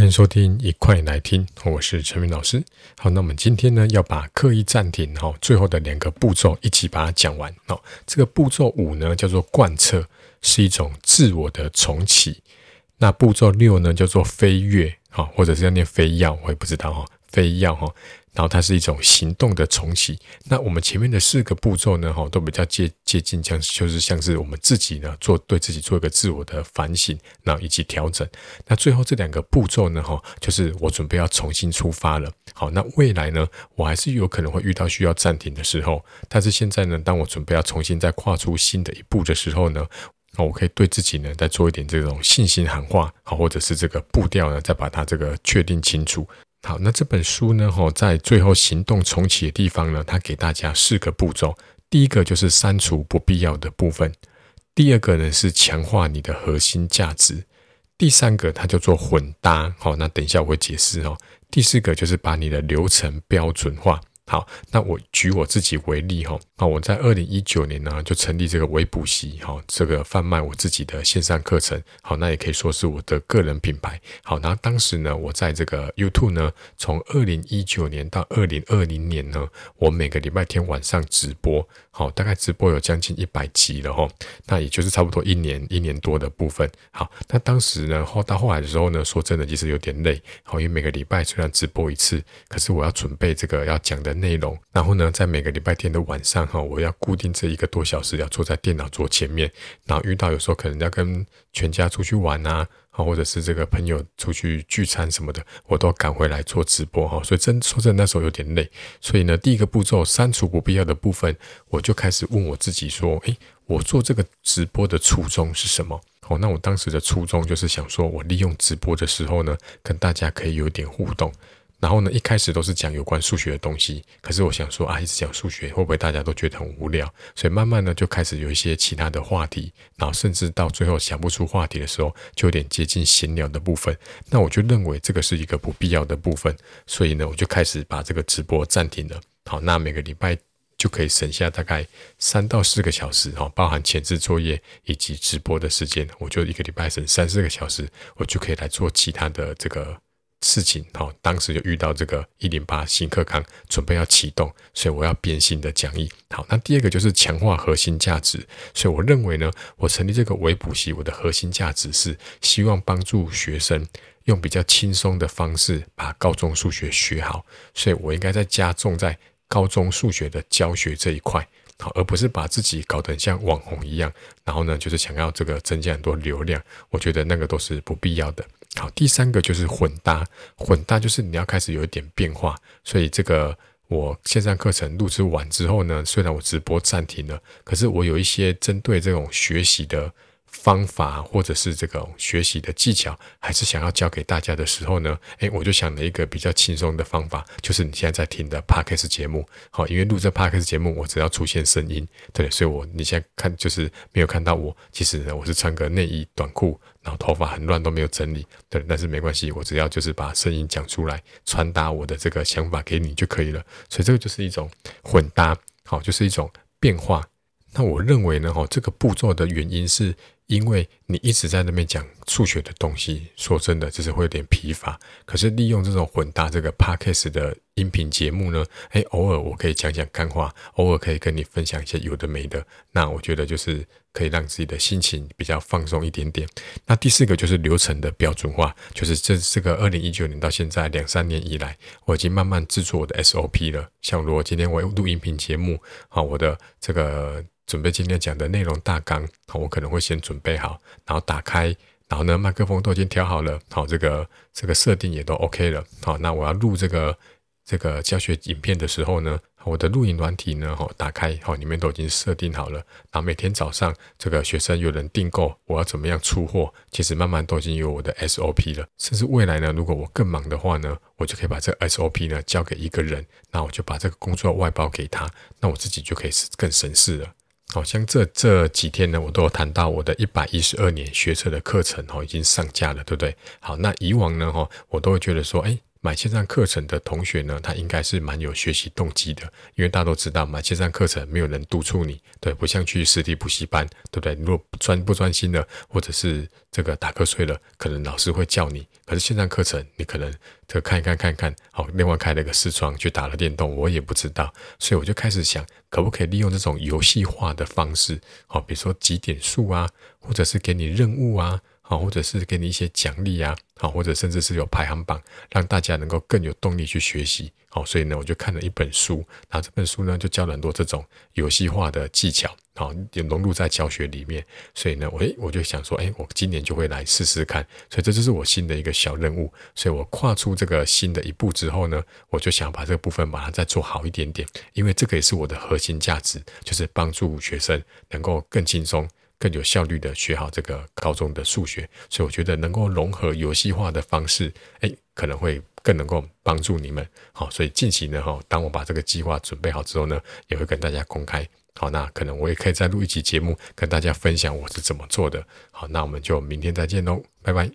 歡迎收聽，一塊來聽，我是陳明老師。好，那我們今天呢要把刻意暫停，哈、哦，最後的兩個步驟一起把它講完。哦，這個步驟五呢叫做貫徹，是一種自我的重啟。那步驟六呢叫做飛躍，哈、哦，或者是要念飛躍，我也不知道，哈、哦，飛躍，哈、哦。然後它是一種行動的重啟。那我們前面的四個步驟呢，哈，都比較接接近像，就是像是我們自己呢做對自己做一個自我的反省，然後以及調整。那最後這兩個步驟呢，哈，就是我準備要重新出發了。好，那未來呢，我還是有可能會遇到需要暫停的時候，但是現在呢，當我準備要重新再跨出新的一步的時候呢，那我可以對自己呢再做一點這種信心喊話，好，或者是這個步調呢再把它這個確定清楚。好，那這本書呢，哈、哦，在最後行動重啟的地方呢，它給大家四個步驟。第一個就是刪除不必要的部分；第二個呢，是強化你的核心價值；第三個它叫做混搭，好、哦，那等一下我會解釋哦。第四個就是把你的流程標準化。好，那我舉我自己為例喔，那我在二零一九年呢就成立這個微補習喔，這個販賣我自己的線上課程，好，那也可以說是我的個人品牌。好，那當時呢，我在這個 YouTube 呢，從二零一九年到二零二零年呢，我每個禮拜天晚上直播，好，大概直播有將近一百集了喔，那也就是差不多一年一年多的部分。好，那當時呢，後到後來的時候呢，說真的其實有點累，好，因為每個禮拜雖然直播一次，可是我要準備這個要講的。內容，然後呢，在每個禮拜天的晚上哈，我要固定這一個多小時，要坐在電腦桌前面。然後遇到有時候可能要跟全家出去玩啊，或者是這個朋友出去聚餐什麼的，我都趕回來做直播哈。所以真說真的，那時候有點累。所以呢，第一個步驟，刪除不必要的部分，我就開始問我自己說：誒，我做這個直播的初衷是什麼？哦，那我當時的初衷就是想說，我利用直播的時候呢，跟大家可以有點互動。然後呢，一開始都是講有關數學的東西，可是我想說啊，一直講數學，會不會大家都覺得很無聊？所以慢慢呢，就開始有一些其他的話題，然後甚至到最後想不出話題的時候，就有點接近閒聊的部分。那我就認為這個是一個不必要的部分，所以呢，我就開始把這個直播暫停了。好，那每個禮拜就可以省下大概三到四個小時哦，包含前置作業以及直播的時間，我就一個禮拜省三四個小時，我就可以來做其他的這個。事情哈，當時就遇到這個一零八新課綱準備要啟動，所以我要編新的講義。好，那第二個就是強化核心價值。所以我認為呢，我成立這個微補習，我的核心價值是希望幫助學生用比較輕鬆的方式把高中數學學好。所以我應該再加重在高中數學的教學這一塊。好，而不是把自己搞得很像網紅一樣，然後呢，就是想要這個增加很多流量，我覺得那個都是不必要的。好，第三個就是混搭，混搭就是你要開始有一點變化。所以這個我線上課程錄制完之後呢，雖然我直播暫停了，可是我有一些針對這種學習的方法，或者是這個學習的技巧，還是想要教給大家的時候呢，誒，我就想了一個比較輕鬆的方法，就是你現在在聽的 Podcast 節目。好、哦，因為錄這 Podcast 節目，我只要出現聲音，對，所以我你現在看就是沒有看到我。其實呢，我是穿個內衣短褲，然後頭髮很亂都沒有整理，對，但是沒關係，我只要就是把聲音講出來，傳達我的這個想法給你就可以了。所以這個就是一種混搭，好、哦，就是一種變化。那我認為呢，哦、這個步驟的原因是，因為你一直在那邊講數學的東西，說真的就是會有點疲乏。可是利用這種混搭這個 Podcast 的音頻節目呢，哎、欸，偶爾我可以講講幹話，偶爾可以跟你分享一些有的沒的。那我覺得就是可以讓自己的心情比較放鬆一點點。那第四個就是流程的標準化，就是這這個二零一九年到現在兩三年以來，我已經慢慢制作我的 SOP 了。像如果今天我錄音頻節目啊，我的這個準備今天講的內容大綱，好，我可能會先準。備好，然後打開，然後呢，麥克風都已經調好了，好、哦，這個這個設定也都 OK 了，好、哦，那我要錄這個這個教學影片的時候呢，我的錄音軟體呢，好、哦、打開，好、哦，裡面都已經設定好了。然後每天早上這個學生有人訂購，我要怎麼樣出貨？其實慢慢都已經有我的 SOP 了，甚至未來呢，如果我更忙的話呢，我就可以把這個 SOP 呢交給一個人，那我就把這個工作外包給他，那我自己就可以是更省事了。好、哦，像這這幾天呢，我都有談到我的一百一十二年學測的課程、哦，吼，已經上架了，對不對？好，那以往呢，吼、哦，我都會覺得說，哎。買線上課程的同學呢，他應該是蠻有學習動機的，因為大家都知道買線上課程沒有人督促你，對，不像去實體補習班，對不對？如果不專不專心了，或者是這個打瞌睡了，可能老師會叫你。可是線上課程，你可能得看一看，看一看，好，另外開了一個視窗去打了電動，我也不知道，所以我就開始想，可不可以利用這種遊戲化的方式，好，比如說集點數啊，或者是給你任務啊。好，或者是給你一些獎勵啊，好，或者甚至是有排行榜，讓大家能夠更有動力去學習。哦，所以呢，我就看了一本書，那這本書呢，就教了很多這種遊戲化的技巧，好，也融入在教學裡面。所以呢，我我就想說，哎，我今年就會來試試看。所以這就是我新的一個小任務。所以我跨出這個新的一步之後呢，我就想把這個部分把它再做好一點點，因為這個也是我的核心價值，就是幫助學生能夠更輕鬆。更有效率的學好這個高中的數學，所以我覺得能夠融合遊戲化的方式，哎，可能會更能夠幫助你們。好，哦，所以近期呢，哈，當我把這個計劃準備好之後呢，也會跟大家公開。好，那可能我也可以再錄一期節目，跟大家分享我是怎麼做的。好，那我們就明天再見嘍，拜拜。